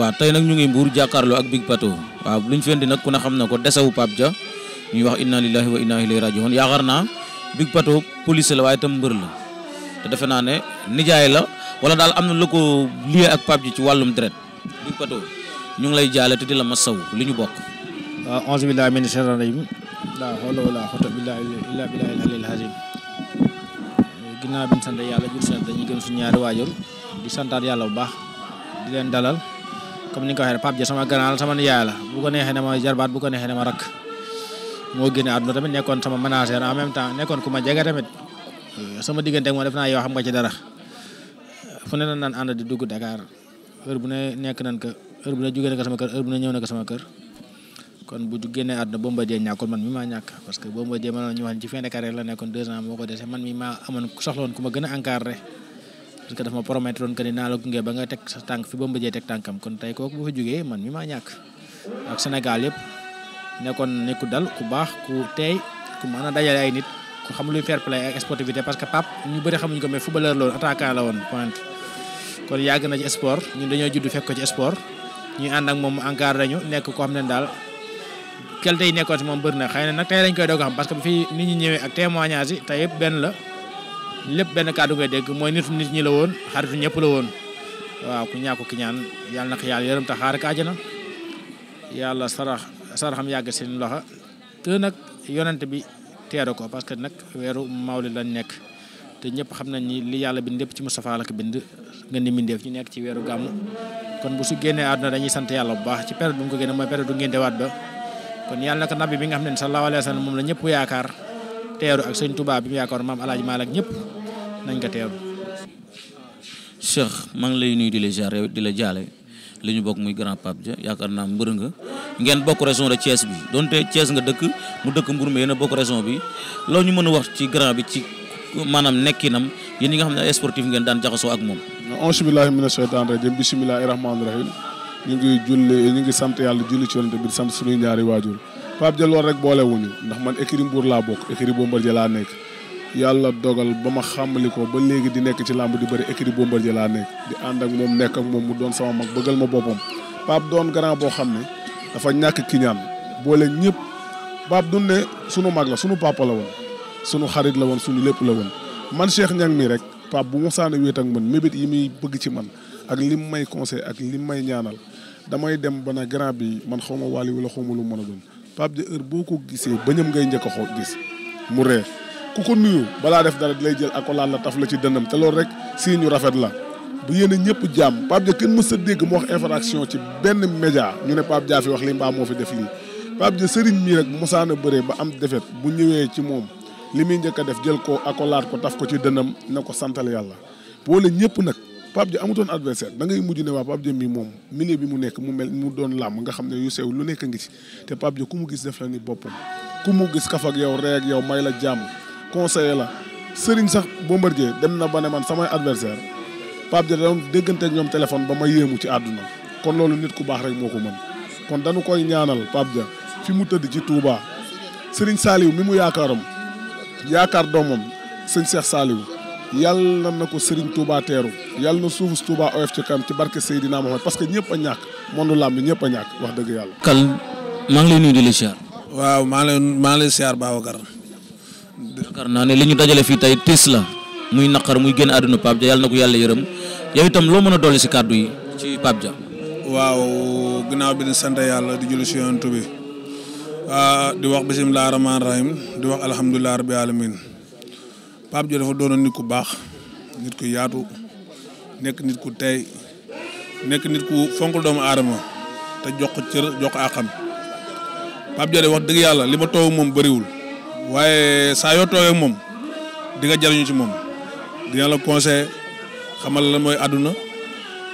waaw tey nag ñu ngi Mbour jàkkaarloo ak Big Pato waaw luñ fendi nag ku ne xam na ko desewu Pape Dia ñuy wax inna lillahi wa inna ilayhi rajiun yaakaar naa Big Pato police la waaye tam mbër la te defe naa ne nijaay la wala daal am na lu ko lié ak Pape Dia ci wàllum deret Big Pato ñu ngi lay jaale te di la ma masaw li ñu bokk waaw onze billahi min shaytan rajim la hawla wala quwwata billahi illa billahi al-aliyyil azim ginnaaw bi ñu sant yàlla jur sant dañuy gën suñu ñaari waajur di yàlla bu baax di leen dalal comme ni nga ko waxee Pape Dia sama ganaal sama nijaay la bu ko neexee ne ma jarbaat bu ko neexee ne ma rakk moo génne àdduna tamit nekkoon sama manager temps nekkoon ku ma jege tamit euh, sama diggante moo xam nga ci dara fu di dugg Dakar heure bu ne nekk nan ko heure bu ne jugee na ko sama kër heure bu ne ñëw na ko sama kër kon bu génnee àdduna Bombardier ñàkkul man mi maa ñàkk parce que Bombardier ma ñu wax ci fin de carrière la nekkoon deux ans moo ko dese man mi maa amoon soxla ku ma gën a encadré parce que dafa ma promettre woon que ni naa la gunge ba nga teg sa tànk fi ba mbëjee teg tànkam kon tey kooku bu fa jógee man mi maa ñàkk ak Sénégal yëpp nekkoon ne ku dal ku baax ku teey ku mën a dajale ay nit ku xam luy fair play ak sportivité parce que Pape ñu bëri xamuñ ko mais footballeur la woon la woon point kon yàgg na ci sport ñun dañoo judd fekk ko ci sport ñuy ànd ak moom mu encadré nekk ko xam ne daal qualité yi nekkoon si moom bëri a lépp benn kàddu ngay dégg mooy nitu nit ñi la woon xaritu ñëpp la woon waaw ku ñaa ki ñaan yàlla na ko yàlla yërëm ta xaar ak àjjana yàlla sarax saraxam yàgg seen loxo te nag yonent bi teere ko parce que nag weeru mawlid lañ nekk te ñëpp xam nañ ni li yàlla bind lépp ci Moustapha la ko bind ngeen di mbindeef ñu nekk ci weeru gàmm kon bu su génnee àdduna dañuy sant yàlla bu baax ci période bu mu ko génne mooy période du ngeen dewaat ba kon yàlla na nabi bi nga xam ne sallallahu alayhi wa sallam la ñëpp yaakaar teeru ak sëñ Touba bi mu yaakaar maam El Hadj Malick ñëpp nañ ko teeru. Cheikh maa ngi lay nuyu di la ziar di la jaale li ñu bokk muy grand pape ja yaakaar naa mbër nga ngeen bokk région de Thiès bi donte Thiès nga dëkk mu dëkk Mbour mi yéen bokk région bi loo ñu mën a wax ci grand bi ci maanaam nekkinam yéen ñi nga xam ne ay sportif ngeen daan jaxasoo ak moom. auzu billaahi mina sheytaani rajiim ngi julli ñu ngi sant yàlla julli ci yonent bi sant suñuy ñaari waajur Pape Dia lool rek boolewuñu ndax man écurie Mbour laa bokk écurie Bombardier laa nekk yàlla dogal ba ma xàmmali ko ba léegi di nekk ci làmb di bëri écurie Bombardier laa nekk di ànd ak moom nekk ak moom mu doon sama mag bëggal ma boppam Pape doon grand boo xam ne dafa ñàkk kiñaan boole ñëpp Pape dun ne sunu mag la sunu papa la woon sunu xarit la woon sunu lépp la woon man Cheikh Niang mi rek Pape bu ma saana wéet ak man mébét yi muy bëgg ci man ak li may conseil ak li may ñaanal damay dem ba na grand bi man xaw ma wàlli wala xaw ma Pape Dia heure boo ko gisee bañam ngay njëkk a xool gis mu ree ku ko nuyu balaa def dara lay jël akolaal la taf la ci dënnam te loolu rek si ñu rafet la bu yéene ñëpp jàmm Pape Dia kenn mës a dégg mu wax infraction ci benn média ñu ne Pape jaa fi wax li mbaa moo fi def lii Pape Dia sëriñ mii rek mosaana bëree ba am defet bu ñëwee ci moom li muy njëkk a def jël ko akolaat ko taf ko ci dënnam na ko santal yàlla boole ñëpp nag Pape Dia amutoon adversaire da ngay mujj ne waa Pape Dia mi moom milieu bi mu nekk mu mel mu doon làmb nga xam ne yu sew lu nekk ngi ci te Pape Dia ku mu gis def la ni boppam ku mu gis kaf ak yow rey yow may la jàmm conseiller la sëriñ sax Bombardier dem na ba ne man samay adversaire Pape ja da déggante ñoom téléphone ba ma yéemu ci àdduna kon loolu nit ku baax rek moo ko mën kon dañu koy ñaanal Pape ja fi mu tëdd ci Touba sëriñ Saliou mi mu yaakaaram yaakaar doomam sëñ Cheikh Saliou yàlla na ko Serigne Touba teeru yàlla na suufu Touba oyof ci kam ci barke Seydina Mohamed parce que ñëpp a ñàkk monde làmb ñëpp a ñàkk wax dëgg yàlla. kal maa ngi leen nuyu di la siyaar. waaw maa lay maa lay siyaar Babacar. yaakaar naa ne li ñu dajale fii tey tiis la muy naqar muy génn àdduna Pape Dia yàlla na ko yàlla yërëm yow itam loo mën a dolli si kàddu yi ci Pape ja waaw ginnaaw bi di sant yàlla di julli si yonent bi ah, di wax bisimilah rahmaani rahim di wax alhamdulilah rabbi alamin Pape Diop dafa doonoon nit ku baax nit ku yaatu nekk nit ku tey nekk nit ku fonk doomu aadama te jox ko cër jox ko àqam Pape Diop wax dëgg yàlla li ma toog moom bariwul waaye saa yoo toogee moom di nga jariñu ci moom dina la conseil xamal la mooy àdduna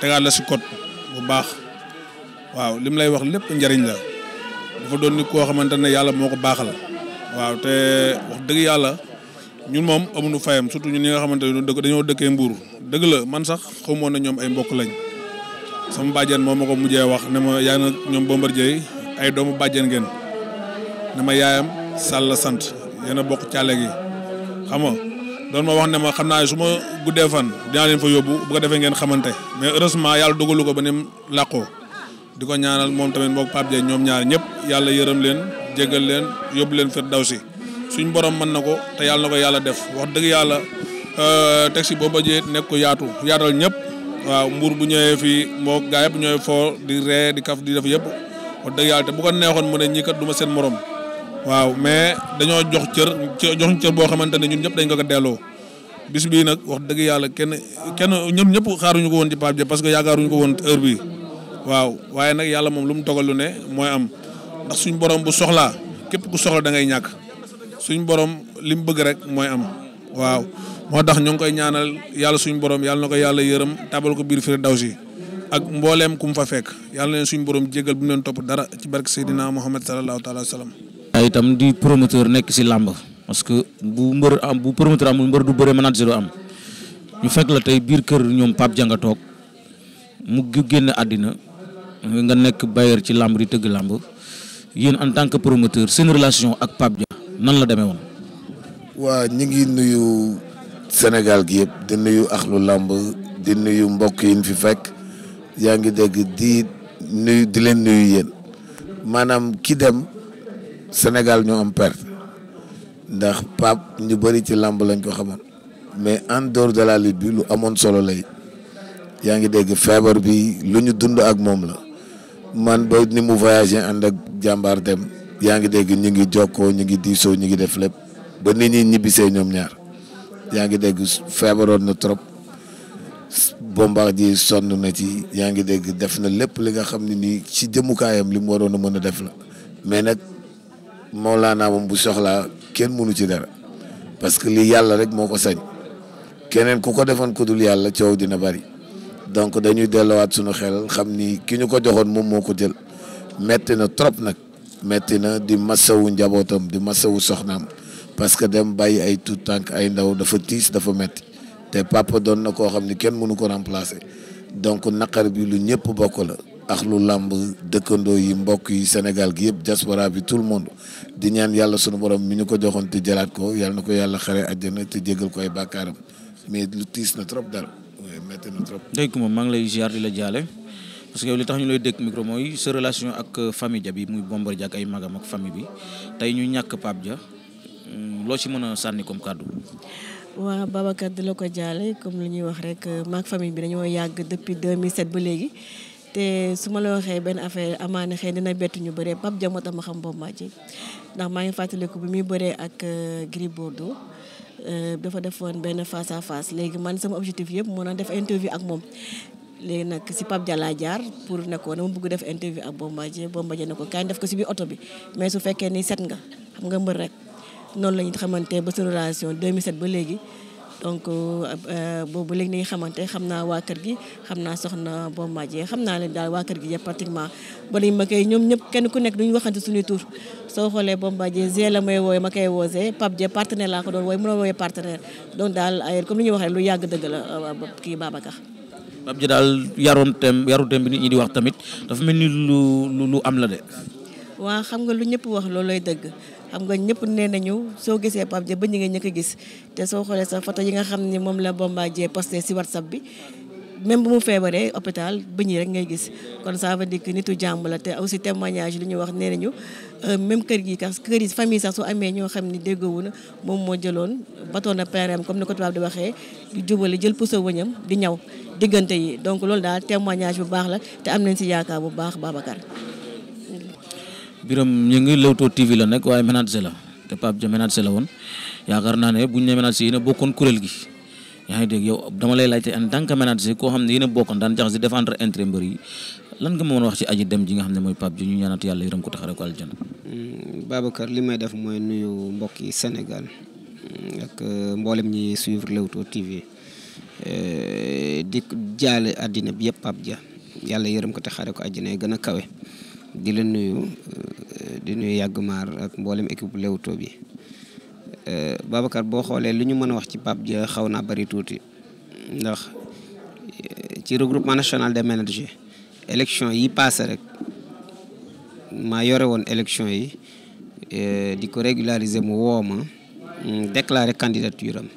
tegaat la si kot bu baax waaw lim lay wax lépp njariñ la dafa doon nit koo xamante ne yàlla moo ko baaxal waaw te wax dëgg yàlla. ñun moom amuñu fayam surtout ñun ñi nga xamante ne dañoo dëkkee mbuur dëgg la man sax xamoon na ñoom ay mbokk lañ sama bàjjen moom ma ko mujjee wax ne ma yaa nag ñoom Bombardier ay doomu bàjjen ngeen ne yaayam salla sant yéen a bokk caale gi xam nga doon ma wax ne ma xam naa su ma guddee fan dinaa leen fa yóbbu bu ko defee ngeen xamante mais heureusement yàlla dogalu ko ba ni làqoo di ko ñaanal moom tamit mbokk Pape Dieng ñoom ñaar ñëpp yàlla yërëm leen jéggal leen yóbbu leen fir daw si suñ borom mën na ko te yàlla na ko yàlla def wax dëgg yàlla euh, taxi booba jee nekk ko yaatu yaatal ñëpp waaw mbuur bu ñëwee fii moo gaa yëpp ñooy foo di ree di kaf di def yëpp wax dëgg yàlla te bu neexoon mu ne ñii kat du ma seen morom waaw mais dañoo jox cër jox cër boo xamante ne ñun ñëpp dañ ko ko delloo bis bii nag wax dëgg yàlla kenn kenn ñoom ñëpp xaaruñu ko woon ci parce que yaakaaruñu ko woon heure bi waaw waaye nag yàlla moom lu mu dogal lu ne mooy am ndax suñu borom bu soxlaa képp ku soxla da ngay ñàkk. suñ borom li mu bëgg rek mooy am waaw moo tax ñu ngi koy ñaanal yàlla suñ borom yàlla na ko yàlla yërëm tabal ko biir si ak mbooleem ku mu fa fekk yàlla na leen suñ borom jéggal bu mu topp dara ci barke Seydina Muhammad sallallahu taala wa sallam. itam promoteur nekk si làmb parce que bu mbër am bu promoteur amul mbër du bëre manager am ñu fekk la tey biir kër ñoom Pape nga toog mu génn àddina nga nekk bailleur ci làmb di tëgg làmb yéen en tant que promoteur seen relation ak Pape Dianga nan la demee woon. waa ñu ngi nuyu Sénégal gi yëpp di nuyu axlu làmb di nuyu mbokk yi fi fekk yaa ngi dégg di nuyu di leen nuyu yéen maanaam ki dem Sénégal ñu am perte ndax Pape ñu bëri ci làmb lañ ko xamoon mais en dehors de bi lu amoon solo lay yaa ngi dégg feebar bi lu ñu dund ak moom la man ba ni mu voyagé ànd ak jàmbaar dem. yaa ngi dégg ñu ngi jokkoo ñu ngi diisoo ñu ngi def lépp ba nit ñi ñibbisee ñoom ñaar yaa ngi dégg feebaroon na trop Bombardier sonn na ci yaa ngi dégg def na lépp li nga xam ne nii ci jëmukaayam li mu waroon a mën a def la mais nag Mawlana moom bu soxla kenn mënu ci dara parce que lii yàlla rek moo ko sañ keneen ku ko defoon ku dul yàlla coow dina bari donc dañuy delluwaat sunu xel xam ni ki ñu ko joxoon moom moo ko jël metti na trop nag. metti na di wu njabootam di wu soxnaam parce que dem bàyyi ay tout tànk ay ndaw dafa tiis dafa metti te papa doon na koo xam ni kenn mënu ko remplacer donc naqar bi lu ñëpp bokk la ak lu làmb dëkkandoo yi mbokk yi Sénégal gi yëpp diaspora bi tout le monde di ñaan yàlla sunu borom mi ñu ko joxoon te jalaat ko yàlla na ko yàlla xare àjjana te jégal ko ay bàkkaaram mais lu tiis na trop dara métti na trop. dégg nga lay ziar di la jaale. parce que yow li tax ñu lay dégg micro mooy sa relation ak euh, famille ja bi muy Bombardier ak ay magam ak famille bi tey ñu ñàkk Pape Dia euh, loo ci mën a sànni comme kàddu. waaw Babacar di la ko jaale comme li ñuy wax rek euh, maak famille bi dañoo yàgg depuis 2007 ba léegi te su la waxee benn affaire amaana xëy dina bett ñu bëree Pape Dia moo tax ma xam Bombardier ndax maa ngi fàttaliku bi muy bëree ak Gris Bordeaux dafa def defoon benn face à face léegi man sama objectif yëpp moo na def interview ak moom. léegi nag si Pape Dialla jaar pour ne ma dama bëgg def interview ak Bombardier Bombardier ne ko kaay def ko si biir oto bi mais su fekkee ni set nga xam nga mbër rek noonu la ñu xamante ba sa relation 2007 ba léegi donc euh, boobu léegi nañu xamante xam naa waa kër gi xam naa soxna Bombardier xam naa leen daal waa kër gi yëpp pratiquement ba lañ ma koy ñoom ñëpp kenn ku nekk duñu waxante suñuy tur soo xoolee Bombardier Zé la may wooye ma koy woosee Pape Dié partenaire laa ko doon wooye mënoo wooye partenaire donc daal ay comme li ñuy waxee lu yàgg dëgg la euh, kii Babacar Pape Ji daal yaroon tem yaruteem bi nit di wax tamit dafa mel ni lu lu lu am la de. waa xam nga lu ñëpp wax loolu lay dëgg xam nga ñëpp nee ñëw soo gisee Pape Ji ba ñu ngi ñëkk a gis te soo xoolee sax photo yi nga xam ni moom la Bombardier posté si WhatsApp bi. même bu mu feebaree hôpital bëñ yi rek ngay gis kon ça veut dire que nitu jàmm la te aussi témoignage li ñu wax nee nañu euh, même kër gi sax kër yi famille sax soo amee ñoo xam ne déggoowu na moom moo jëloon batoon na pereem comme ni ko tubaab di waxee di jubale jël puso wëñam di ñaw diggante yi donc loolu daal témoignage bu baax la te am nañ si yaakaar bu baax Babacar. Biram ñu ngi Leewtoo TV la nag waaye ménage la te Pape Dia ménage la woon yaakaar naa ne bu ñu nee ménage yi na bokkoon kuréel gi. yaa ngi dégg yow dama lay laajte en que manager koo xam ne yéen a bokkoon daan jax si défendre intérêt mbër yi lan nga mën a wax ci aji dem ji nga xam ne mooy Pape ji ñu ñaanat yàlla yërëm ko taxare ko hmm, li may def mooy nuyu mbokki Sénégal hmm, ak euh, mboolem ñi suivre Leewtoo euh, di jaale àddina bi yëpp Pape Dia yàlla yërëm ko taxare ko àjjana yi gën a kawe di la nuyu euh, di nuyu yàgg maar ak mboolem équipe Leewtoo bi Euh, Babacar boo xoolee li ñu mën a wax ci Pape Dia xaw naa bari tuuti ndax euh, ci regroupement national des managers élection yi passé rek maa yore woon élection yi euh, di ko régulariser mu woo ma déclarer candidature am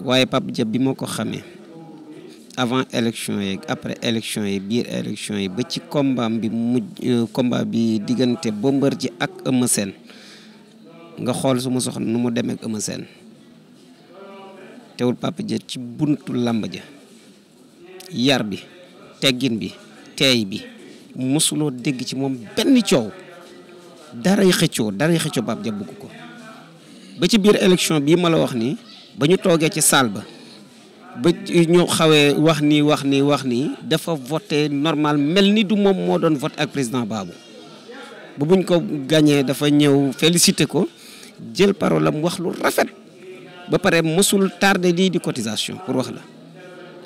waaye Pape Dia bi ma ko xamee avant élection yi après élection yi biir élection yi ba ci combat bi mujj combat bi diggante Bombardier ak Eumeu nga xool su ma soxla nu mu demee ak Eumeu Sène teewul Papa ci buntu làmb ja yar bi teggin bi teey bi mosuloo dégg ci moom benn coow daray xëccoo daray xëccoo Papa Dia bugg ko ba ci biir élection bii ma la wax nii ba ñu toogee ci salle ba ba ñu xawee wax nii wax nii wax nii dafa voté normal mel ni du moom moo doon vote ak président Babou bu buñ ko gagné dafa ñëw félicité ko jël la mu wax lu rafet ba pare mësul tarde lii di cotisation pour wax la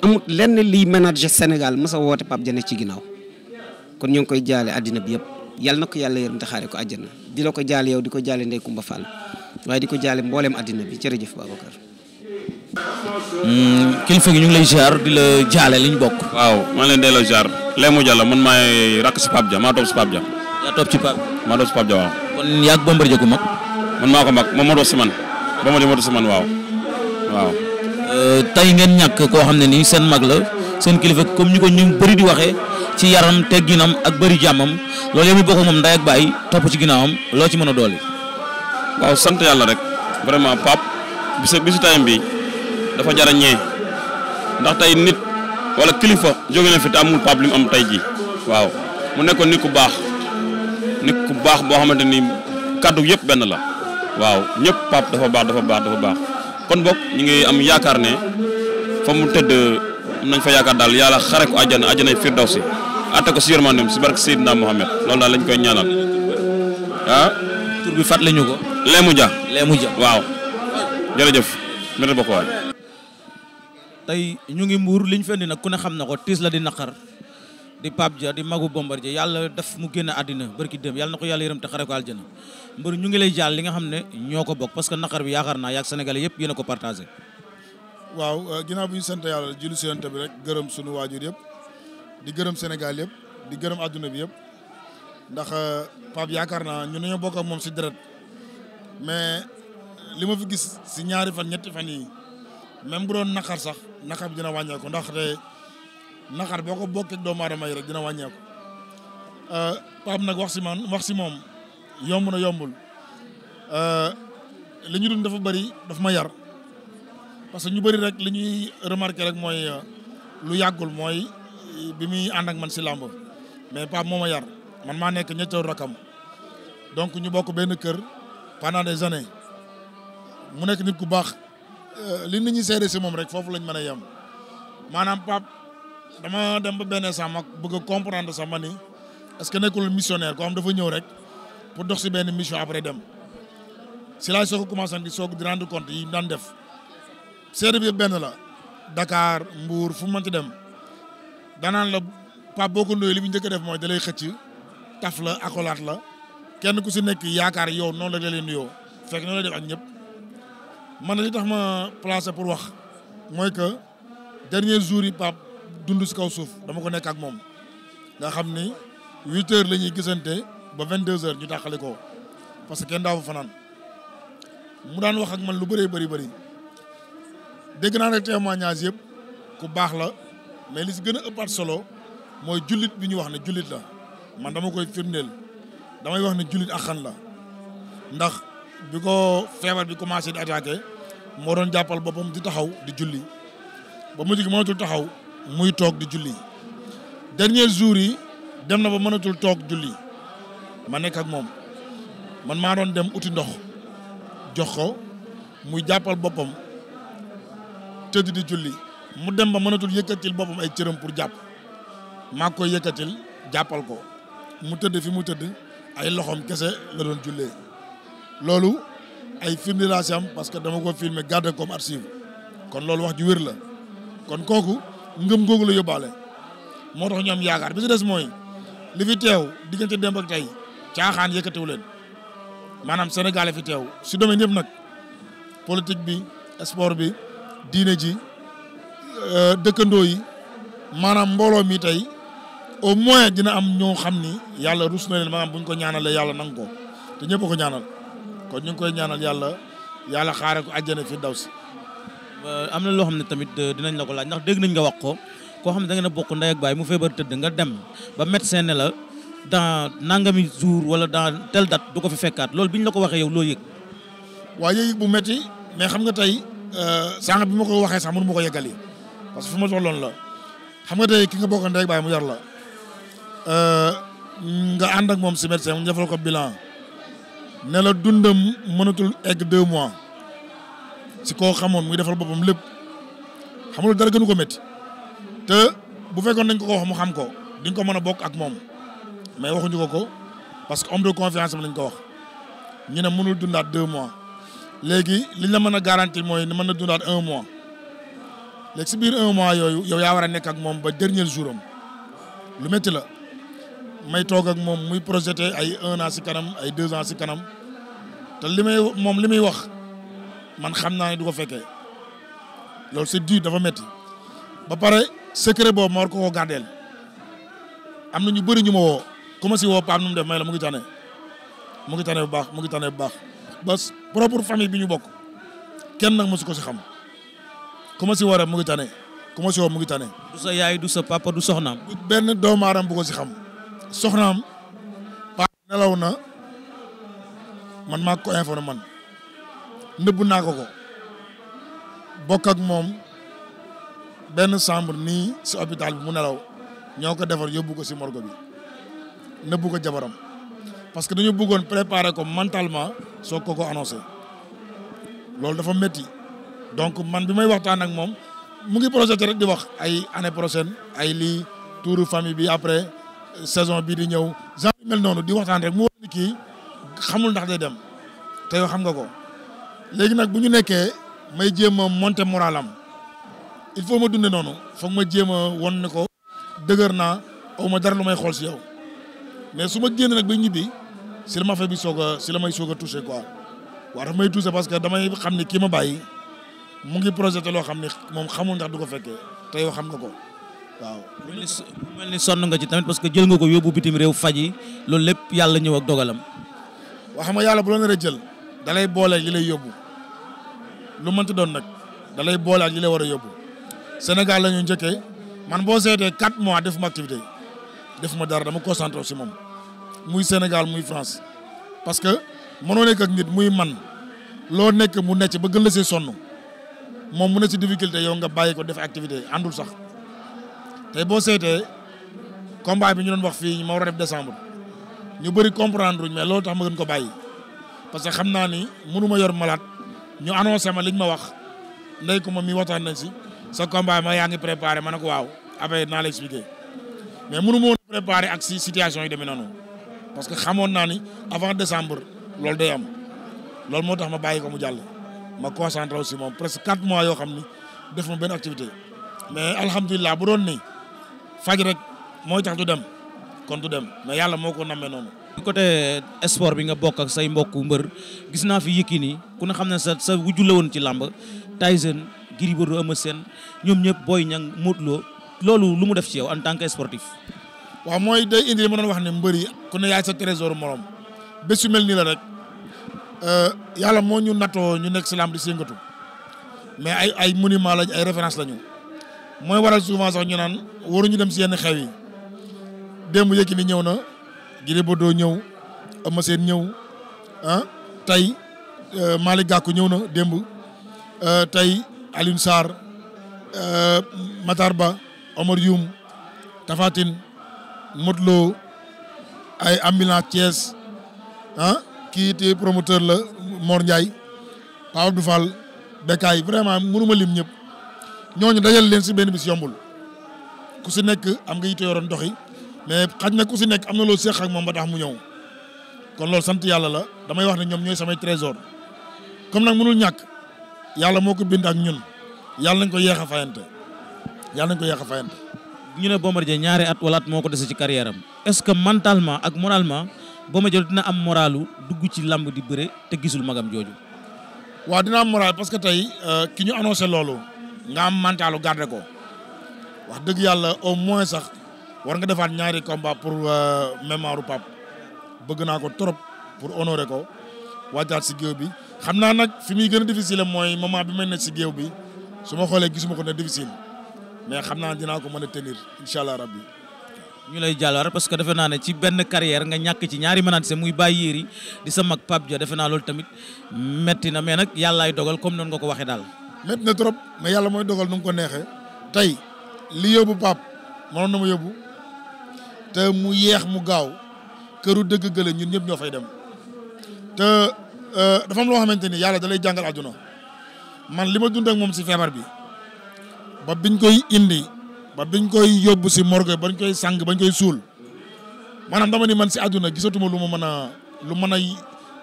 amut lenn liy ménager Sénégal mës a woote Pape Diané ci ginnaaw kon ñu ngi koy jaale àddina bi yëpp yàlla na ko yàlla yërëm te xaare ko àjjana di la ko jaale yow di ko jaale Ndeye Coumba Fall waaye di ko jaale mbooleem àddina bi jërëjëf Babacar. Hmm, kilifa ki ñu ngi lay ziar di la jaale li ñu bokk. waaw maa leen delloo ziar Lému Diallo man maay rakk si Pape Dia maa topp si Pape maa man maa ko mag moom moo doon si man ba ma dem moo doon waaw waaw. Euh, tey ngeen ñàkk koo xam ne nii seen mag la seen kilifa comme ñu ko ñu bëri di waxee ci yaram tegginam ak bëri jàmmam loolu yëpp bokk moom nday ak bàyyi topp ci ginnaawam loo ci mën a doole. waaw sant yàlla rek vraiment Pape bisu bisu tayam bi dafa jar a ñee ndax tey nit wala kilifa jóge na fi te amul Pape am tey ji waaw mu nekkoon nit ku baax nit ku baax boo xamante ni kàddu yëpp benn la. waaw ñëpp pap dafa baax dafa baax dafa baax kon boog ñu ngi am yaakaar ne fa mu tëdd nañ fa yaakaar daal yàlla xare ko àjjana àjjanay firdawsi atte ko si yërmandeem si barke Seydina Mohamed loolu daal lañ koy ñaanal ah. tur bi fàttali ñu ko. Lému Dia. Lému Dia waaw. jërëjëf. tey ñu ngi mbuur liñ fi indi nag ku ne xam na ko tiis la di naqar. di Pape Dia di magu Bombardier yàlla daf mu génn àddina barki dem yàlla na ko yàlla yërëm te xare ko aljana mbër ñu ngi lay jaal li nga xam ne ñoo ko bokk parce que naqar bi yaakaar naa yaag sénégalais yëpp yéen a ko partagé waaw euh, ginnaaw bu ñu sant yàlla julli si yonent bi rek gërëm sunu waajur yëpp di gërëm Sénégal yëpp di gërëm àdduna bi yëpp ndax euh, Pape yaakaar naa ñu nañoo bokk ak moom si deret mais li ma fi gis si ñaari fan ñetti fan yi même bu doon naqar sax naqar bi dina wàññeeku ndax te naxar boo ko bokkeeg doomu aadama yi rek dina wàññeeku euh, Pape nag wax si wax si moom yomb na yombul euh, li ñu dafa bëri daf ma yar parce que ñu bëri rek li ñuy remarqué rek mooy euh, lu yàggul mooy bi muy ànd ak man si làmb mais Pape moo ma yar man maa nekk ñetteelu rakam donc ñu bokk benn kër pendant des années mu nekk nit ku baax li nit ñi seede si moom rek foofu lañ mën a yem maanaam Pape dama dem ba benn sama ma bëgg a comprendre sax ma ni est que nekkul missionnaire ko am dafa ñëw rek pour dox si benn mission après dem si laay soog a commencé di soog di rendre compte yi daan def seede bi benn la Dakar Mbour fu mu mënti dem danaan la Pape Bokk Ndoye li mu njëkk def mooy da lay xëcc taf la akolaat la kenn ku si nekk yaakaar yow noonu la leen nuyoo fekk noonu la def ak ñëpp man li tax ma placé pour wax mooy que dernier jour yi Pape dund si kaw suuf dama ko nekk ak moom nga xam ni huit heures la ñuy gisante ba vingt deux heures ñu tàqale ko parce que kenn daaw fanaan mu daan wax ak man lu bëree bëri bëri dégg naa ne témoignage yëpp ku baax la mais li si gën a ëppaat solo mooy jullit bi ñu wax ne jullit la man dama koy firndeel damay wax ne jullit ak xan la ndax bi ko feebar bi commencé di attaqué moo doon jàppal boppam di taxaw di julli ba mujj gi mënatul taxaw muy toog di julli dernier jour yi dem na ba mënatul toog julli ma nekk ak moom man maa doon dem uti ndox jox ko muy jàppal boppam tëdd di julli mu dem ba mënatul yëkkatil boppam ay cëram pour jàpp maa koy yëkkatil jàppal ko mu tëdd fi mu tëdd ay loxoom kese la doon jullee loolu ay firnde laa si am parce que dama ko filmer garder comme archive kon loolu wax ju wér la kon kooku ngëm googu la yóbbaale moo tax ñu am yaakaar bi si des mooy li fi teew diggante démb ak tey caaxaan yëkkatiw leen maanaam Sénégal fi teew si domaine yëpp nag politique bi sport bi diine ji euh, dëkkandoo yi maanaam mbooloo mi tey au moins dina am ñoo xam ni yàlla rus na leen maanaam bu ñu ko ñaanalee yàlla nangu ko te ñëpp ko ñaanal kon ñu ngi koy ñaanal yàlla yàlla xaare ko àjjana fi daw si Euh, am na loo xam ne tamit euh, dinañ la ko laaj ndax dégg nañ nga wax ko koo xam ne danga ngeen bokk ndey ak baay mu feebar tëdd nga dem ba médecin ne la mi nangami jour wala dans telle date du ko fi fekkaat loolu bi ñu la ko waxee yow loo yëg. waaye yëg bu metti mais xam nga tey euh, sànq bi ma ko waxee sax mënu ma ko yeggali parce que fu ma tolloon la xam nga tey ki nga bokk ndey ak baay mu yar la nga ànd ak moom si médecin mu defal ko bilan ne la dundam mënatul egg deux mois. si koo xamoon muy defal boppam lépp xamul dara gënu ko met te bu fekkoon nañ ko ko wax mu xam ko di ko mën a bokk ak moom mais waxuñu ko ko parce que homme de confiance am lañ ko wax ñu ne mënul dundaat deux mois léegi liñ la mën a garanti mooy ni man na dundaat un mois léegi si biir un mois yooyu yow yaa war a nekk ak moom ba dernier jour am lu métti la may toog ak moom muy projeté ay un an si kanam ay deux ans si kanam te li may moom li muy wax. man xam naa ne du ko fekkee loolu c'est dur dafa metti ba pare secret boobu ma war ko koo am na ñu bëri ñu ma woo ku ma si woo paam nu mu def may la mu ngi tane mu ngi tane bu baax mu ngi tane bu baax ba propre famille bi ñu bokk kenn nag mosu ko si xam ku ma si woo mu ngi tane ku ma mu ngi tane. du sa yaay du sa papa du soxnaam. benn doomu aadama bu ko si xam soxnaam. paa nelaw na man maa ko informé man. nëbb naa ko ko bokk ak moom benn chambre nii si hôpital mu nelaw ñoo ko defar yóbbu ko si morgue bi nëbb ko jabaram parce que dañu buggoon préparer ko mentalement soo ko ko annoncé loolu dafa métti donc man bi may waxtaan ak moom mu ngi projet rek di wax ay année prochaine ay lii tuuru famille bi après saison bii di ñëw genre mel noonu di waxtaan rek mu wax ni kii xamul ndax day dem te yow xam nga ko léegi nag bu ñu nekkee may jéem monte moraalam il faut ma dundee noonu foog ma jéem a won ne ko dëgër naa aw ma dara lu may xool si yow mais su ma génn nag ba ñibbi si la ma fay a si la may soog a ko quoi waaw may touché parce que damay xam ne kii ma bàyyi mu ngi loo xam ne moom xamul ndax du ko fekkee te xam nga ko waaw. mu mel ni sonn nga ci tamit parce que jël nga ko yóbbu bitim réew faji loolu lépp yàlla ñëw ak dogalam. waa xam yàlla bu la naree jël. da lay boole ak li lay yóbbu lu mënti doon nag dalay lay boole ak li lay war a yóbbu Sénégal la ñu njëkkee man boo seetee quatre mois defuma activité defuma dara dama concentré si moom muy Sénégal muy France parce que mënoo nekk nit muy man loo nekk mu necc ba gën la see sonn moom mu ne si difficulté yow nga bàyyi ko def activité àndul sax te boo seetee combat bi ñu doon wax fii ma war a def décembre ñu bëri comprendre mais loolu tax ma gën ko bàyyi parce que xam naa ni mënu ma yor malade ñu annoncé ma liñ ma wax ndey ko ma mi waxtaan nañ si sa combat ma yaa ngi préparé ma ne ko waaw après naa la expliqué mais mënu ma woon préparé ak si situation yi demee noonu parce que xamoon naa ni avant décembre loolu day am loolu moo tax ma bàyyi ko mu jàll ma concentré aussi moom presque quatre mois yoo xam ni def ma benn activité mais alhamdulilah bu doon ni faj rek mooy tax du dem kon du dem mais yàlla moo ko nammee noonu côté sport bi nga bokk ak say mbokku mbër gis naa fi Yékini ku ne xam ne sa sa wujju woon ci làmb Tyson Gris Bordeaux Eumeu Sène ñoom ñëpp Boy Niang Modou Lo loolu lu mu def ci yow en tant que sportif. waaw mooy day indi li ma wax ne mbër yi ku ne yaay sa trésor morom bés yu mel nii la rek euh, yàlla moo ñu nattoo ñu nekk si làmb di séngatu mais ay ay monument lañ ay référence lañu mooy waral souvent sax ñu naan waruñu dem si yenn xew yi démb Yékini ñëw na. Gris Bordeaux ñëw Eumeu ñëw ah tey euh, Malick Gakou ñëw na démb euh, tey Alioune Sarr euh, Matar Ba Omar Youm Tapha Tine ay ambulance Thiès ah kii it promoteur la Mor Ndiaye Pape Abdou Fall vraiment mënuma lim ñëpp ñooñu dajal leen si benn bis yombul ku si nekk am nga yitte yoroon doxi mais xaj na ku si nekk am na loo seex ak moom ba tax mu ñëw kon loolu sant yàlla la damay wax ne ñoom ñooy samay trésor comme nag mënul ñàkk yàlla moo ko bind ak ñun yàlla nañ ko yeex a fayante yàlla nañ ko yeex a fayante. ñu ne Bombardier ñaari at wala at moo ko dese ci carrière am est-ce que mentalement ak moralement Bombardier dina am moralu dugg ci làmb di bëre te gisul magam jooju. waaw dina am moral parce que tey euh, ki ñu annoncé loolu nga am mentalu garder ko wax dëgg yàlla au moins war nga defaat ñaari combat pour euh, mémoire Pape bëgg naa ko trop pour honorer ko waajaat si géew bi xam naa nag fi muy gën a difficile mooy moment bi may nekk si géew bi su ma xoolee gisuma ko ne difficile mais xam naa dinaa ko mën a tenir incha allah rabbi ñu lay jàllar parce que defe naa ne ci benn carrière nga ñàkk ci ñaari menaces muy bàyyi yéeri di sa mag Pape Dia defe naa loolu tamit metti na mais nag yàllaay dogal comme noonu nga ko waxee daal. métti na trop mais yàlla mooy dogal nu ko neexee tey li yóbbu Pape mënoon na ma yóbbu. te mu yeex mu gaaw këru dëgg gële ñun ñëpp ñoo fay dem te euh, dafa am loo xamante ni yàlla dalay lay jàngal man li ma dund moom si feebar bi ba biñ koy indi ba biñ koy yóbbu si ba bañ koy sang bañ koy suul maanaam dama ni man si àdduna gisatuma lu ma mën a lu mën a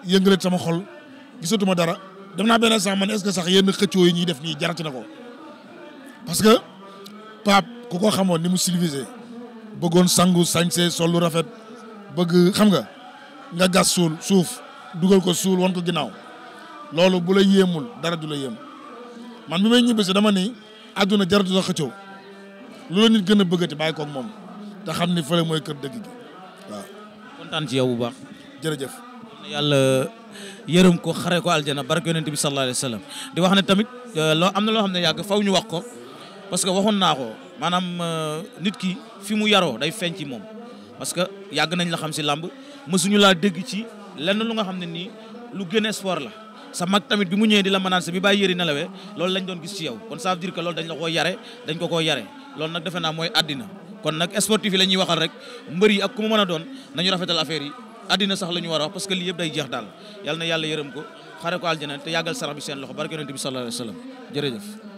yëngalee sama xol gisatuma dara dem naa benn sax man est-ce que sax yenn xëccoo yi ñuy def nii jarati na ko parce que Pape ku ko xamoon ni mu civilisé. bëggoon sangu sañse sol lu rafet bëgg xam nga nga gas suul suuf dugal ko suul wan ko ginnaaw loolu bu la yéemul dara du la yéem man bi may ñibbisi dama ni àdduna jaratu la xëccoo lu la nit gën a bëggati bàyyi koog moom te xam ni fële mooy kër dëgg gi waaw. ci yow bu baax. jërëjëf. yàlla yërëm ko xare ko aljana barke yonent bi sallallahu alayhi wa di wax ne tamit euh, loo am na loo xam ne yàgg faw ñu wax ko parce que waxoon naa ko. maanaam euh, nit ki fi mu yaroo day feeñ ci moom parce que yàgg nañ la xam si làmb mësuñu laa dégg ci lenn lu nga xam ne nii lu gën sport la sa mag tamit bi mu ñëwee di la mënaan sa bi bàyyi yëri nelawee loolu lañ doon gis ci yow kon ça veut dire que dañ la koo yare dañ ko koo yare loolu nag defe naa mooy àddina kon nag sportif yi la ñuy waxal rek mbër yi ak ku mu mën a doon nañu rafetal affaire yi àddina sax la ñu war wax parce que lii yëpp day jeex daal yal na yàlla yërëm ko xare ko aljana te yàggal sarax bi seen loxo barke yonent bi sallallahu alayhi wa